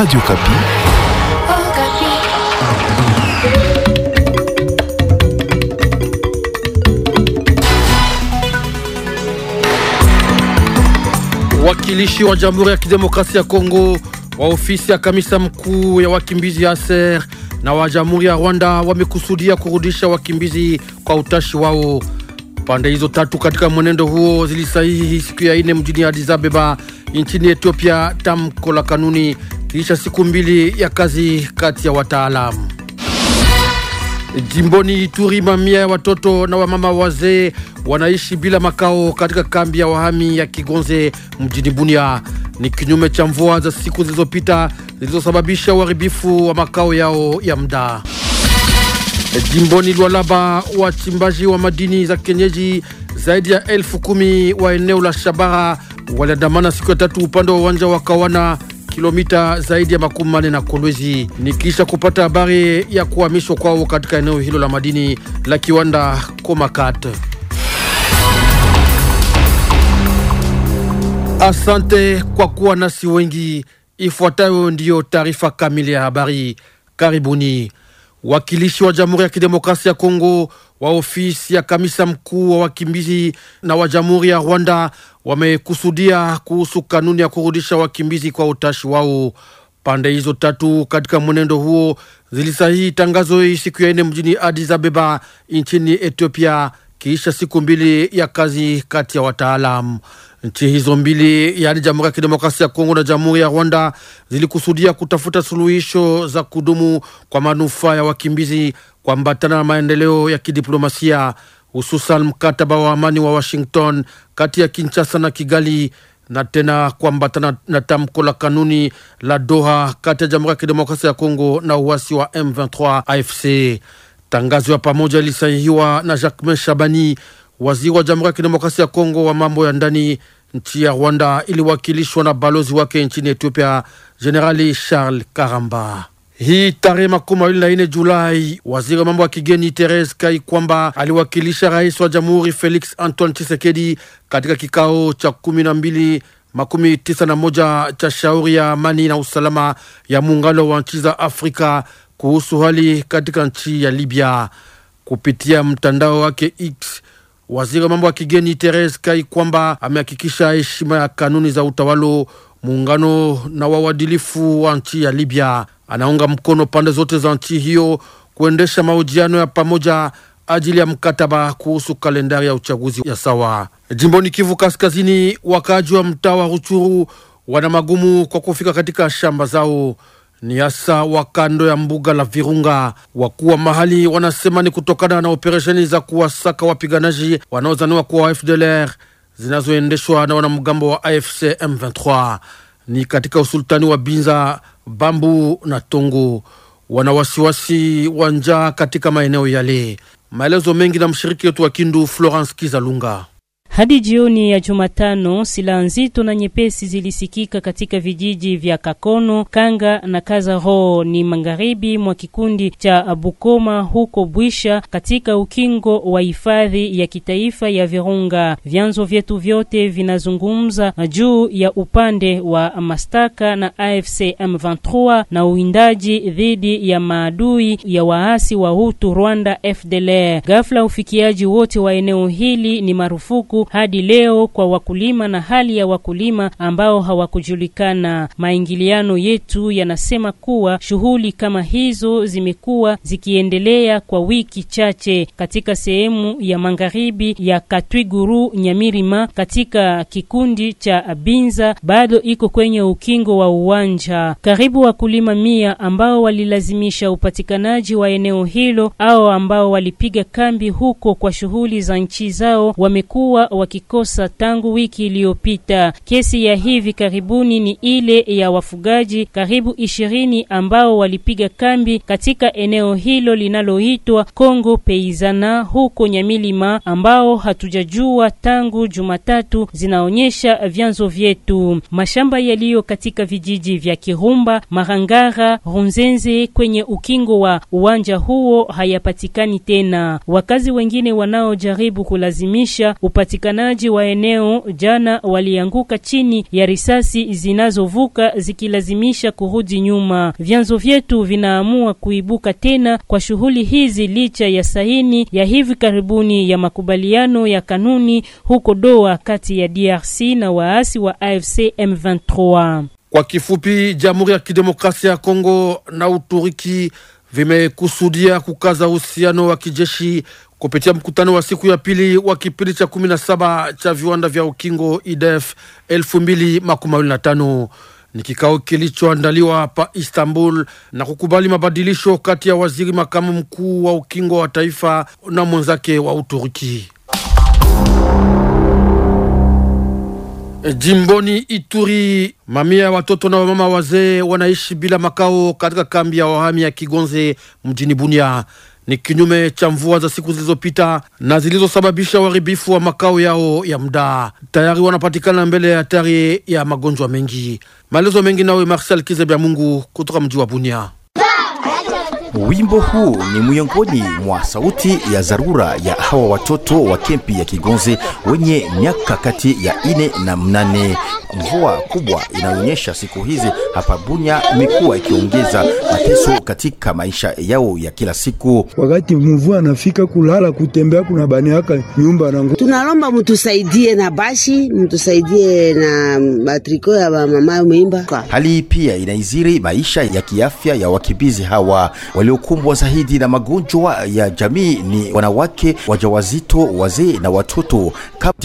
Radio Kapi. Wakilishi wa Jamhuri ya Kidemokrasia ya Kongo wa ofisi ya kamisa mkuu ya wakimbizi ya ASER na wa Jamhuri ya Rwanda wamekusudia kurudisha wakimbizi kwa utashi wao. Pande hizo tatu katika mwenendo huo zilisahihi siku ya ine mjini Addis Ababa nchini Ethiopia tamko la kanuni kisha siku mbili ya kazi kati ya wataalamu. Jimboni Ituri, mamia ya watoto na wamama wazee wanaishi bila makao katika kambi ya wahami ya Kigonze mjini Bunia. Ni kinyume cha mvua za siku zilizopita zilizosababisha uharibifu wa makao yao ya muda. Jimboni Lualaba, wachimbaji wa madini za kienyeji zaidi ya elfu kumi wa eneo la Shabara waliandamana siku ya tatu upande wa uwanja wa Kawana kilomita zaidi ya makumi manne na Kolwezi. Ni kisha kupata habari ya kuhamishwa kwao katika eneo hilo la madini la kiwanda Komakat. Asante kwa kuwa nasi wengi. Ifuatayo ndiyo taarifa kamili ya habari. Karibuni. Wakilishi wa Jamhuri ya Kidemokrasia ya Kongo wa ofisi ya kamisa mkuu wa wakimbizi na wa Jamhuri ya Rwanda wamekusudia kuhusu kanuni ya kurudisha wakimbizi kwa utashi wao. Pande hizo tatu katika mwenendo huo zilisahihi tangazo hii siku ya ine mjini Addis Ababa nchini Ethiopia, kiisha siku mbili ya kazi kati ya wataalam. Nchi hizo mbili, yaani Jamhuri ya Kidemokrasia ya Kongo na Jamhuri ya Rwanda, zilikusudia kutafuta suluhisho za kudumu kwa manufaa ya wakimbizi kuambatana na maendeleo ya kidiplomasia hususan mkataba wa amani wa Washington kati ya Kinshasa na Kigali na tena kuambatana na tamko la kanuni la Doha kati ya Jamhuri ya Kidemokrasia ya Kongo na uasi wa M23 AFC. Tangazo ya pamoja ilisainiwa na Jacquemain Shabani, waziri wa Jamhuri ya Kidemokrasia ya Kongo wa mambo ya ndani. Nchi ya Rwanda iliwakilishwa na balozi wake nchini Ethiopia, Generali Charles Karamba. Hii tarehe makumi mawili na ine Julai, waziri wa mambo ya kigeni Teres Kai kwamba aliwakilisha rais wa jamhuri Felix Antoine Chisekedi katika kikao cha kumi na mbili makumi tisa na moja cha shauri ya amani na usalama ya muungano wa nchi za Afrika kuhusu hali katika nchi ya Libya. Kupitia mtandao wake X, waziri wa mambo ya kigeni Teres Kai kwamba amehakikisha heshima ya kanuni za utawalo, muungano na wawadilifu wa nchi ya Libya anaunga mkono pande zote za nchi hiyo kuendesha mahojiano ya pamoja ajili ya mkataba kuhusu kalendari ya uchaguzi ya sawa. Jimboni Kivu Kaskazini, wakaaji wa mtaa wa Ruchuru wana magumu kwa kufika katika shamba zao, ni hasa wa kando ya mbuga la Virunga. Wakuu wa mahali wanasema ni kutokana na operesheni za kuwasaka wapiganaji wanaozaniwa kuwa FDLR zinazoendeshwa na wanamgambo wa AFC M23 ni katika usultani wa Binza Bambu na Tongo wana wasiwasi wa njaa katika maeneo yale. Maelezo mengi na mshiriki wetu wa Kindu Florence Kizalunga. Hadi jioni ya Jumatano, silaha nzito na nyepesi zilisikika katika vijiji vya Kakono, Kanga na Kazaro ni magharibi mwa kikundi cha Bukoma huko Bwisha katika ukingo wa hifadhi ya kitaifa ya Virunga. Vyanzo vyetu vyote vinazungumza juu ya upande wa mastaka na AFC M23 na uwindaji dhidi ya maadui ya waasi wa Hutu Rwanda FDLR. Ghafla ufikiaji wote wa eneo hili ni marufuku hadi leo kwa wakulima na hali ya wakulima ambao hawakujulikana. Maingiliano yetu yanasema kuwa shughuli kama hizo zimekuwa zikiendelea kwa wiki chache katika sehemu ya magharibi ya Katwiguru Nyamirima, katika kikundi cha Abinza bado iko kwenye ukingo wa uwanja. Karibu wakulima mia ambao walilazimisha upatikanaji wa eneo hilo au ambao walipiga kambi huko kwa shughuli za nchi zao wamekuwa wakikosa tangu wiki iliyopita. Kesi ya hivi karibuni ni ile ya wafugaji karibu ishirini ambao walipiga kambi katika eneo hilo linaloitwa Kongo Peizana huko Nyamilima, ambao hatujajua tangu Jumatatu, zinaonyesha vyanzo vyetu. Mashamba yaliyo katika vijiji vya Kirumba, Marangara, Runzenze kwenye ukingo wa uwanja huo hayapatikani tena. Wakazi wengine wanaojaribu kulazimisha upatikani wapatikanaji wa eneo jana walianguka chini ya risasi zinazovuka zikilazimisha kurudi nyuma. Vyanzo vyetu vinaamua kuibuka tena kwa shughuli hizi licha ya saini ya hivi karibuni ya makubaliano ya kanuni huko Doha kati ya DRC na waasi wa AFC M23. Kwa kifupi, Jamhuri ya Kidemokrasia ya Kongo na uturiki vimekusudia kukaza uhusiano wa kijeshi Kupitia mkutano wa siku ya pili wa kipindi cha 17 cha viwanda vya ukingo IDEF 2025 ni kikao kilichoandaliwa pa Istanbul na kukubali mabadilisho kati ya waziri makamu mkuu wa ukingo wa taifa na mwenzake wa Uturuki. Jimboni Ituri, mamia ya watoto na wamama wazee wanaishi bila makao katika kambi ya wahami ya Kigonze mjini Bunia ni kinyume cha mvua za siku zilizopita na zilizosababisha uharibifu wa makao yao ya muda. Tayari wanapatikana mbele ya hatari ya magonjwa mengi. Maelezo mengi nawe Marcel Kizebya Mungu kutoka mji wa Bunia. Wimbo huu ni miongoni mwa sauti ya dharura ya hawa watoto wa kempi ya Kigonze wenye miaka kati ya ine na mnane. Mvua kubwa inaonyesha siku hizi hapa Bunya imekuwa ikiongeza mateso katika maisha yao ya kila siku. Wakati mvua anafika, kulala kutembea kuna baneaka nyumba nangu. Tunalomba mtusaidie na bashi, mtusaidie na matriko ya mama mimba. Hali pia inaiziri maisha ya kiafya ya wakimbizi hawa Wali waliokumbwa zaidi na magonjwa ya jamii ni wanawake wajawazito, wazee na watoto.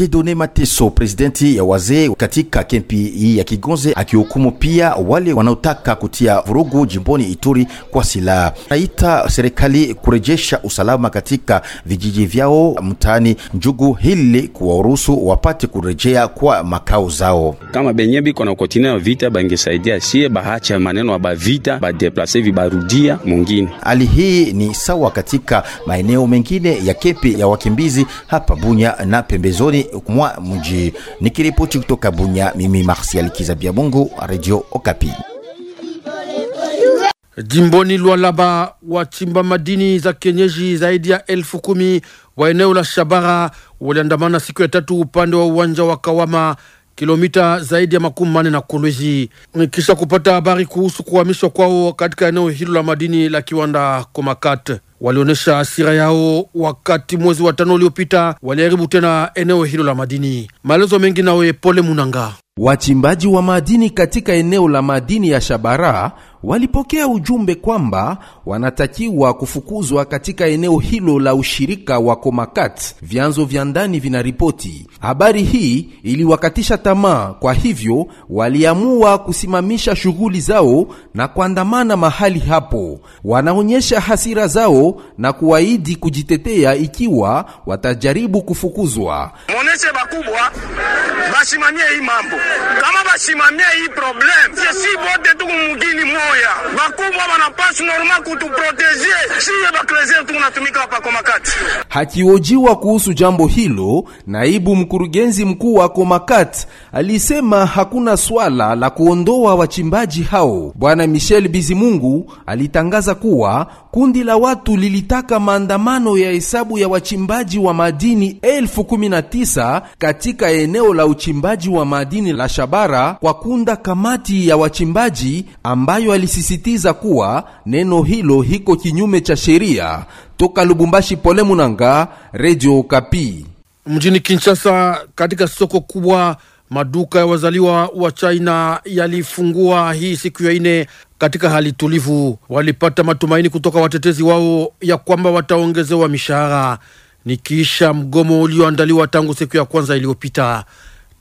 done Mateso, presidenti ya wazee katika kempi hii ya Kigonze, akihukumu pia wale wanaotaka kutia vurugu jimboni Ituri kwa silaha. Naita serikali kurejesha usalama katika vijiji vyao mtaani Njugu hili kuwaruhusu wapate kurejea kwa makao zao. Kama benye biko na kontine vita bangesaidia sie bahacha maneno ya bavita badeplase vibarudia mungine Hali hii ni sawa katika maeneo mengine ya kepi ya wakimbizi hapa Bunya na pembezoni mwa mji. Nikiripoti kutoka Bunya, mimi Marsial Kizabia Mungu, Radio Okapi. Jimboni Lualaba, wachimba madini za kienyeji zaidi ya elfu kumi wa eneo la Shabara waliandamana siku ya tatu upande wa uwanja wa Kawama kilomita zaidi ya makumi manne na Kolwezi. Kisha kupata habari kuhusu kuhamishwa kwao katika eneo hilo la madini la kiwanda Komakat, walionyesha hasira yao wakati mwezi wa tano uliopita waliharibu tena eneo hilo la madini. Maelezo mengi nawe Pole Munanga. Wachimbaji wa madini katika eneo la madini ya Shabara walipokea ujumbe kwamba wanatakiwa kufukuzwa katika eneo hilo la ushirika wa Komakat, vyanzo vya ndani vinaripoti. Habari hii iliwakatisha tamaa, kwa hivyo waliamua kusimamisha shughuli zao na kuandamana mahali hapo. Wanaonyesha hasira zao na kuahidi kujitetea ikiwa watajaribu kufukuzwa. Mwoneshe bakubwa basimamie hii mambo, kama basimamie hii problem, sisi bote tuko mugini mmoja kuya bakubwa banapasi normal kutuproteje siye tunatumika hapa Hakiojiwa kuhusu jambo hilo, naibu mkurugenzi mkuu wa Komakat alisema hakuna swala la kuondoa wachimbaji hao. Bwana Michel Bizimungu alitangaza kuwa kundi la watu lilitaka maandamano ya hesabu ya wachimbaji wa madini elfu kumi na tisa katika eneo la uchimbaji wa madini la Shabara kwa kunda kamati ya wachimbaji ambayo ali alisisitiza kuwa neno hilo hiko kinyume cha sheria. Toka Lubumbashi, Pole Munanga, Radio Kapi. Mjini Kinshasa, katika soko kubwa, maduka ya wazaliwa wa China yalifungua hii siku ya ine katika hali tulivu. Walipata matumaini kutoka watetezi wao ya kwamba wataongezewa mishahara nikiisha mgomo ulioandaliwa tangu siku ya kwanza iliyopita.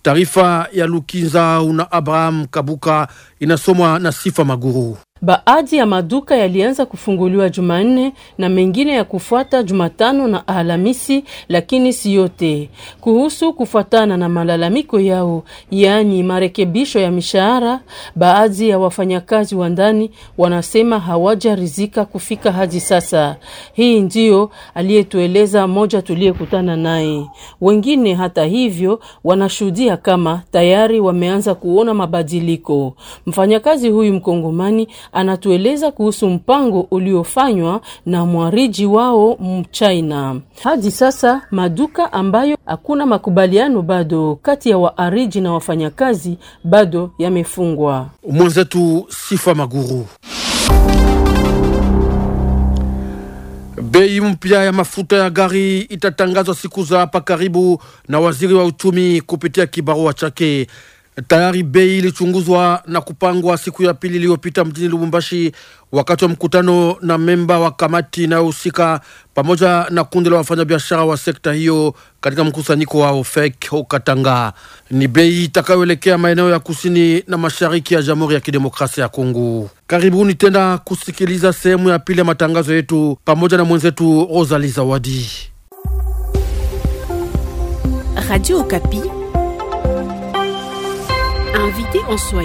Taarifa ya Lukinza una Abraham Kabuka inasomwa na Sifa Maguru. Baadhi ya maduka yalianza kufunguliwa Jumanne na mengine ya kufuata Jumatano na Alhamisi, lakini si yote. Kuhusu kufuatana na malalamiko yao, yaani marekebisho ya mishahara, baadhi ya wafanyakazi wa ndani wanasema hawajarizika kufika hadi sasa. Hii ndiyo aliyetueleza mmoja tuliyekutana naye. Wengine hata hivyo wanashuhudia kama tayari wameanza kuona mabadiliko. Mfanyakazi huyu mkongomani anatueleza kuhusu mpango uliofanywa na mwariji wao Mchina. Hadi sasa maduka ambayo hakuna makubaliano bado kati ya waariji na wafanyakazi bado yamefungwa. Mwenzetu Sifa Maguru. Bei mpya ya mafuta ya gari itatangazwa siku za hapa karibu na waziri wa uchumi kupitia kibarua chake. Tayari bei ilichunguzwa na kupangwa siku ya pili iliyopita mjini Lubumbashi wakati wa mkutano na memba wa kamati inayohusika pamoja na kundi la wafanyabiashara wa sekta hiyo katika mkusanyiko wa OFEC Katanga. Ni bei itakayoelekea maeneo ya kusini na mashariki ya Jamhuri ya Kidemokrasia ya Kongo. Karibuni tena kusikiliza sehemu ya pili ya matangazo yetu pamoja na mwenzetu rosali Zawadi, Radio Kapi. invité en soi.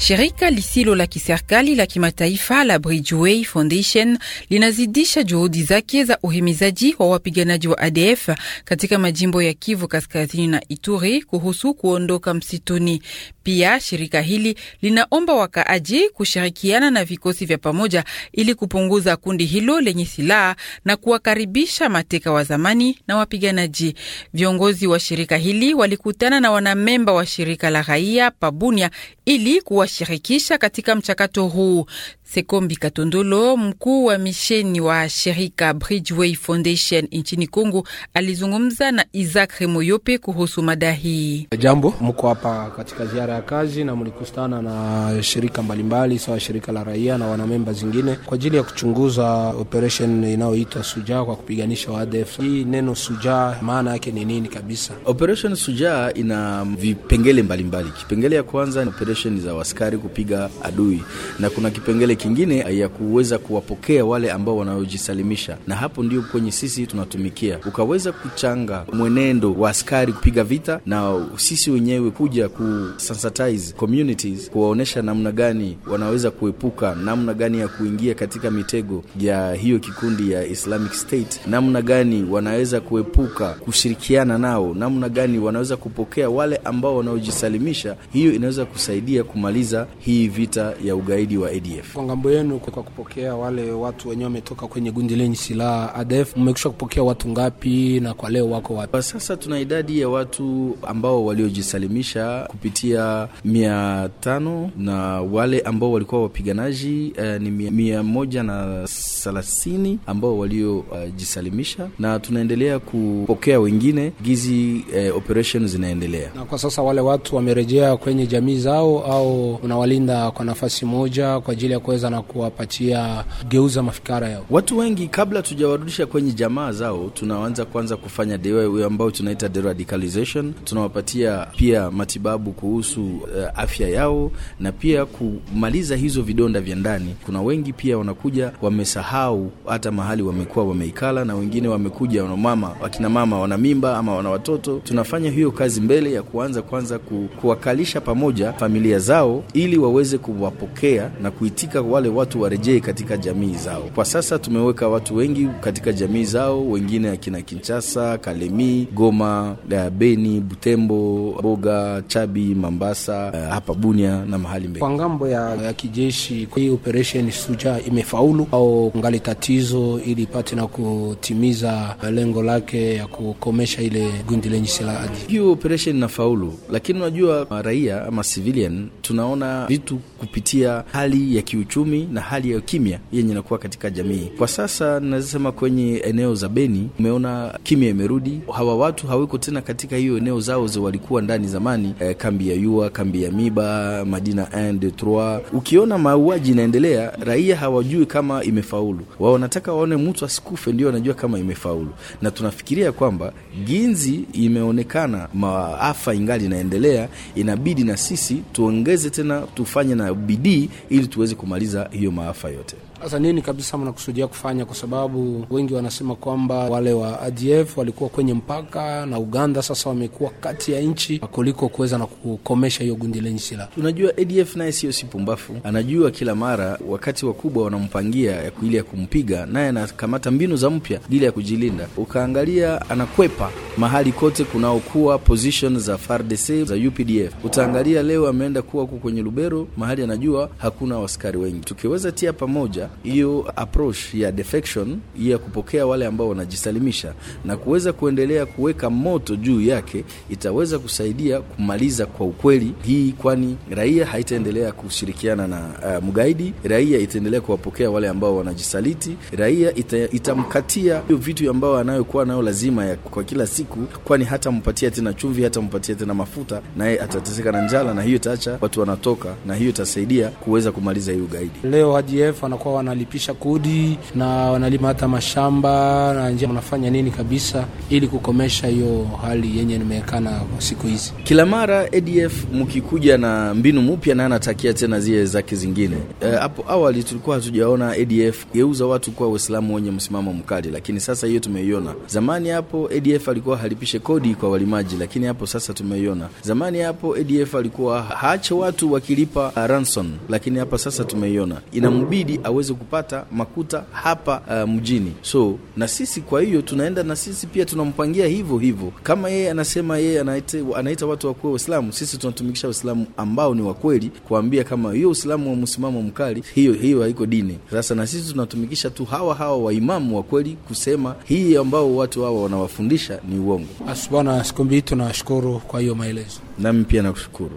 Shirika lisilo la kiserikali la kimataifa la Bridgeway Foundation linazidisha juhudi zake za uhimizaji wa wapiganaji wa ADF katika majimbo ya Kivu Kaskazini na Ituri kuhusu kuondoka msituni. Pia shirika hili linaomba wakaaji kushirikiana na vikosi vya pamoja ili kupunguza kundi hilo lenye silaha na kuwakaribisha mateka wa zamani na wapiganaji. Viongozi wa shirika hili walikutana na wanamemba wa shirika la raia Pabunia ili kuwa kuwashirikisha katika mchakato huu. Sekombi Katondolo, mkuu wa misheni wa shirika Bridgeway Foundation nchini Kongo, alizungumza na Isaac Remoyope kuhusu mada hii. Jambo, mko hapa katika ziara ya kazi na mlikustana na shirika mbalimbali sawa shirika la raia na wanamemba zingine kwa ajili ya kuchunguza operation inayoitwa Sujaa kwa kupiganisha ADF. Hii neno Sujaa maana yake ni nini kabisa? Operation Sujaa ina vipengele mbalimbali mbali. Kipengele ya kwanza operation za waskari askari kupiga adui, na kuna kipengele kingine ya kuweza kuwapokea wale ambao wanaojisalimisha, na hapo ndio kwenye sisi tunatumikia. Ukaweza kuchanga mwenendo wa askari kupiga vita, na sisi wenyewe kuja sensitize communities, kuwaonyesha namna gani wanaweza kuepuka, namna gani ya kuingia katika mitego ya hiyo kikundi ya Islamic State, namna gani wanaweza kuepuka kushirikiana nao, namna gani wanaweza kupokea wale ambao wanaojisalimisha. Hiyo inaweza kusaidia kumaliza kumaliza hii vita ya ugaidi wa ADF. Kwa ngambo yenu, kwa kupokea wale watu wenyewe wametoka kwenye gundi lenye silaha ADF, mmekwisha kupokea watu ngapi na kwa leo wako wapi? Kwa sasa tuna idadi ya watu ambao waliojisalimisha kupitia mia tano na wale ambao walikuwa wapiganaji eh, ni mia moja na thelathini ambao waliojisalimisha uh, na tunaendelea kupokea wengine gizi eh, operation zinaendelea. Na kwa sasa wale watu wamerejea kwenye jamii zao au unawalinda kwa nafasi moja kwa ajili ya kuweza na kuwapatia geuza mafikara yao. Watu wengi kabla tujawarudisha kwenye jamaa zao, tunaanza kwanza kufanya dewa ambao tunaita deradicalization. Tunawapatia pia matibabu kuhusu uh, afya yao na pia kumaliza hizo vidonda vya ndani. Kuna wengi pia wanakuja wamesahau hata mahali wamekuwa wameikala, na wengine wamekuja wanamama, wakina mama wana mimba ama wana watoto. Tunafanya hiyo kazi mbele ya kuanza kwanza ku, kuwakalisha pamoja familia zao ili waweze kuwapokea na kuitika wale watu warejee katika jamii zao. Kwa sasa tumeweka watu wengi katika jamii zao, wengine akina Kinshasa, Kalemi, Goma, eh, Beni, Butembo, Boga, Chabi, Mambasa, eh, hapa Bunia na mahali mbele. Kwa ngambo ya, ya kijeshi, hii operation Suja imefaulu au ngali tatizo ili ipate na kutimiza lengo lake ya kukomesha ile gundi lenye silaha? Hiyo operation inafaulu, lakini unajua raia ama civilian tuna tunaona vitu kupitia hali ya kiuchumi na hali ya kimya yenye inakuwa katika jamii kwa sasa. Nazisema kwenye eneo za Beni, umeona kimya imerudi, hawa watu hawiko tena katika hiyo eneo zao za walikuwa ndani zamani, eh, kambi ya Yua, kambi ya Miba, Madina 1 2 3. Ukiona mauaji inaendelea, raia hawajui kama imefaulu, wao wanataka waone mtu asikufe ndio wanajua kama imefaulu, na tunafikiria kwamba ginzi imeonekana, maafa ingali inaendelea, inabidi na sisi tuongeze tena tufanye na bidii ili tuweze kumaliza hiyo maafa yote. Sasa nini kabisa mnakusudia kufanya? Kwa sababu wengi wanasema kwamba wale wa ADF walikuwa kwenye mpaka na Uganda, sasa wamekuwa kati ya nchi kuliko kuweza na kukomesha hiyo gundi lenye silaha. Tunajua ADF naye siyo si pumbafu, anajua kila mara wakati wakubwa wanampangia ili ya kumpiga, naye anakamata mbinu za mpya ili ya kujilinda. Ukaangalia anakwepa mahali kote kunaokuwa position za FARDC za UPDF. Utaangalia leo ameenda kuwa huko kwenye Lubero, mahali anajua hakuna waskari wengi. Tukiweza tia pamoja hiyo approach ya defection ya kupokea wale ambao wanajisalimisha na kuweza kuendelea kuweka moto juu yake, itaweza kusaidia kumaliza kwa ukweli hii, kwani raia haitaendelea kushirikiana na uh, mgaidi. Raia itaendelea kuwapokea wale ambao wanajisaliti. Raia ita, itamkatia hiyo vitu ambao anayokuwa nayo lazima ya kwa kila siku, kwani mpatia tena chumvi, mpatia tena mafuta, naye atateseka na njala, na hiyo itaacha watu wanatoka, na hiyo itasaidia kuweza kumaliza hiyo ugaidi. Leo Haji anakuwa wanalipisha kodi na wanalima hata mashamba na njia, wanafanya nini kabisa ili kukomesha hiyo hali yenye nimeekana siku hizi. Kila mara ADF mkikuja na mbinu mpya, na anatakia tena zile zake zingine. E, hapo e, awali tulikuwa hatujaona ADF geuza watu kuwa Waislamu wenye msimamo mkali, lakini sasa hiyo tumeiona. Zamani hapo ADF alikuwa halipishe kodi kwa walimaji, lakini hapo sasa tumeiona. Zamani hapo ADF alikuwa haache watu wakilipa ransom, lakini hapa sasa tumeiona inambidi aweze tuweze kupata makuta hapa uh, mjini. So na sisi kwa hiyo tunaenda na sisi pia tunampangia hivyo hivyo, kama yeye anasema yeye anaita, anaita watu wakuwe Waislamu, sisi tunatumikisha Waislamu ambao ni wakweli, kuambia kama hiyo Uislamu wa msimamo mkali, hiyo hiyo haiko dini. Sasa na sisi tunatumikisha tu hawa hawa waimamu wa kweli kusema hii ambao watu hawa wanawafundisha ni uongo. Asubana sikumbi, tunashukuru kwa hiyo maelezo. Nami pia nakushukuru.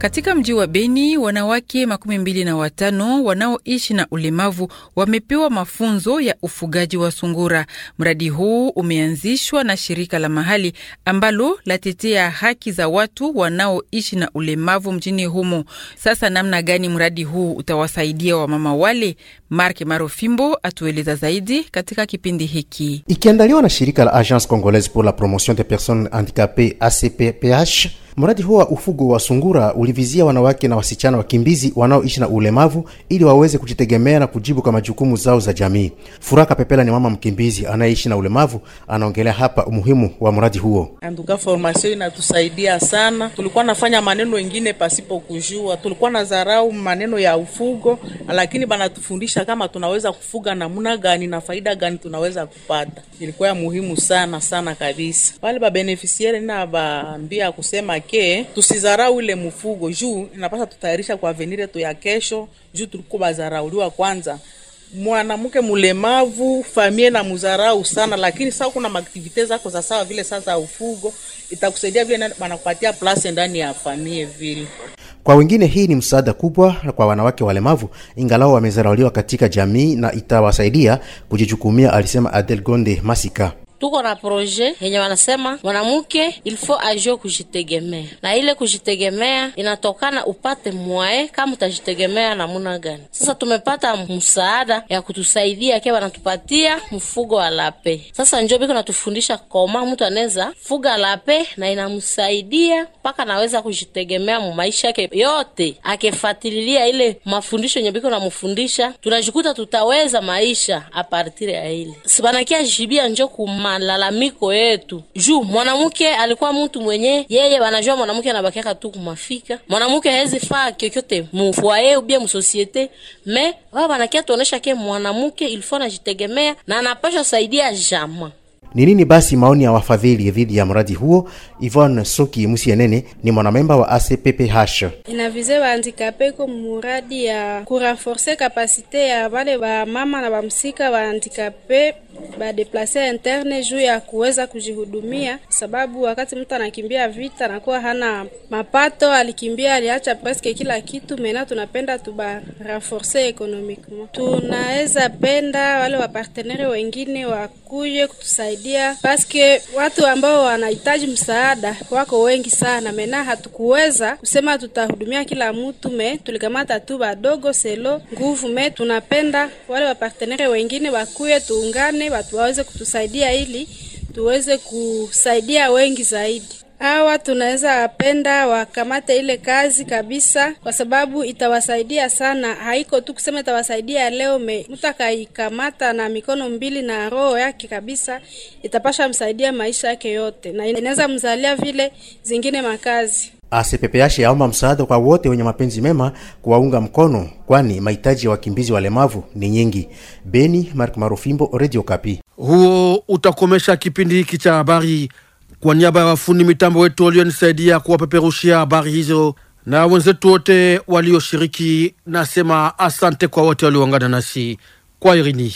Katika mji wa Beni, wanawake makumi mbili na watano wanaoishi na ulemavu wamepewa mafunzo ya ufugaji wa sungura. Mradi huu umeanzishwa na shirika la mahali ambalo latetea haki za watu wanaoishi na ulemavu mjini humo. Sasa namna gani mradi huu utawasaidia wamama wale? Mark Marofimbo atueleza zaidi katika kipindi hiki, ikiandaliwa na shirika la Agence Congolaise pour la Promotion des Personnes Handicapées ACPPH Mradi huo wa ufugo wa sungura ulivizia wanawake na wasichana wakimbizi wanaoishi na ulemavu ili waweze kujitegemea na kujibu kwa majukumu zao za jamii. Furaka Pepela ni mama mkimbizi anayeishi na ulemavu, anaongelea hapa umuhimu wa mradi huo. Anduka formasio inatusaidia sana, tulikuwa nafanya maneno mengine pasipo kujua, tulikuwa na dharau maneno ya ufugo, lakini banatufundisha kama tunaweza kufuga namna gani na faida gani tunaweza kupata. Ilikuwa ya muhimu sana sana kabisa. pale babenefisiere ninawaambia kusema yake tusidharau ile mfugo juu inapasa tutayarisha kwa venire tu ya kesho, juu tuliko bazarauliwa kwanza mwanamke mulemavu famie na muzarau sana, lakini sasa kuna activities zako za sawa vile sasa ufugo itakusaidia vile wanakupatia plus ndani ya famie vile. Kwa wengine hii ni msaada kubwa kwa wanawake walemavu, ingalao wamezarauliwa katika jamii na itawasaidia kujichukumia, alisema Adel Gonde Masika tuko na proje yenye wanasema mwanamke ilfo ajue kujitegemea, na ile kujitegemea inatokana upate mwae kama utajitegemea namuna gani. Sasa tumepata msaada ya kutusaidia ke wanatupatia mfugo wa lape. Sasa njo biko natufundisha koma mtu anaweza fuga lape na inamsaidia mpaka naweza kujitegemea mumaisha yake yote, akifatililia ile mafundisho yenye biko namufundisha, tunajikuta tutaweza maisha apartire ya ile sibanakia jibia njo kuma malalamiko yetu juu mwanamke alikuwa mtu mwenye yeye wanajua mwanamke anabakiaka tu kumafika, mwanamke hawezi faa kyokyote mufwaye ubie musosiete me wao wanakia tuonesha ke mwanamke ilifo anajitegemea na anapasha saidia jama ni nini basi maoni ya wafadhili dhidi ya mradi huo? Ivon Soki Musienene ni mwanamemba wa ACPPH. Inavize wahandikape iko muradi ya kurenforce kapasite ya vale vamama na vamsika wahandikape badeplace interne juu ya kuweza kujihudumia, sababu wakati mtu anakimbia vita anakuwa hana mapato, alikimbia aliacha presque kila kitu. Mena tunapenda tuba renforce economiquement, tunaweza penda wale wapartenere wengine wakuye kutusaidia paske watu ambao wanahitaji msaada wako wengi sana. Mena hatukuweza kusema tutahudumia kila mtu, me tulikamata tu badogo selo nguvu. Me tunapenda wale wapartenere wengine wakuye tuungane watu waweze kutusaidia ili tuweze kusaidia wengi zaidi hawa tunaweza wapenda wakamate ile kazi kabisa, kwa sababu itawasaidia sana. Haiko tu kusema itawasaidia leo, mtu akaikamata na mikono mbili na roho yake kabisa, itapasha msaidia maisha yake yote, na inaweza mzalia vile zingine makazi. Asepepeashe yaomba msaada kwa wote wenye mapenzi mema kuwaunga mkono, kwani mahitaji ya wakimbizi walemavu ni nyingi. Beni, Mark Marufimbo, Radio Kapi. Huo utakomesha kipindi hiki cha habari. Kwa niaba ya wafundi mitambo wetu walionisaidia kuwapeperushia habari hizo na wenzetu wote walioshiriki, nasema asante kwa wote walioungana nasi kwa irini.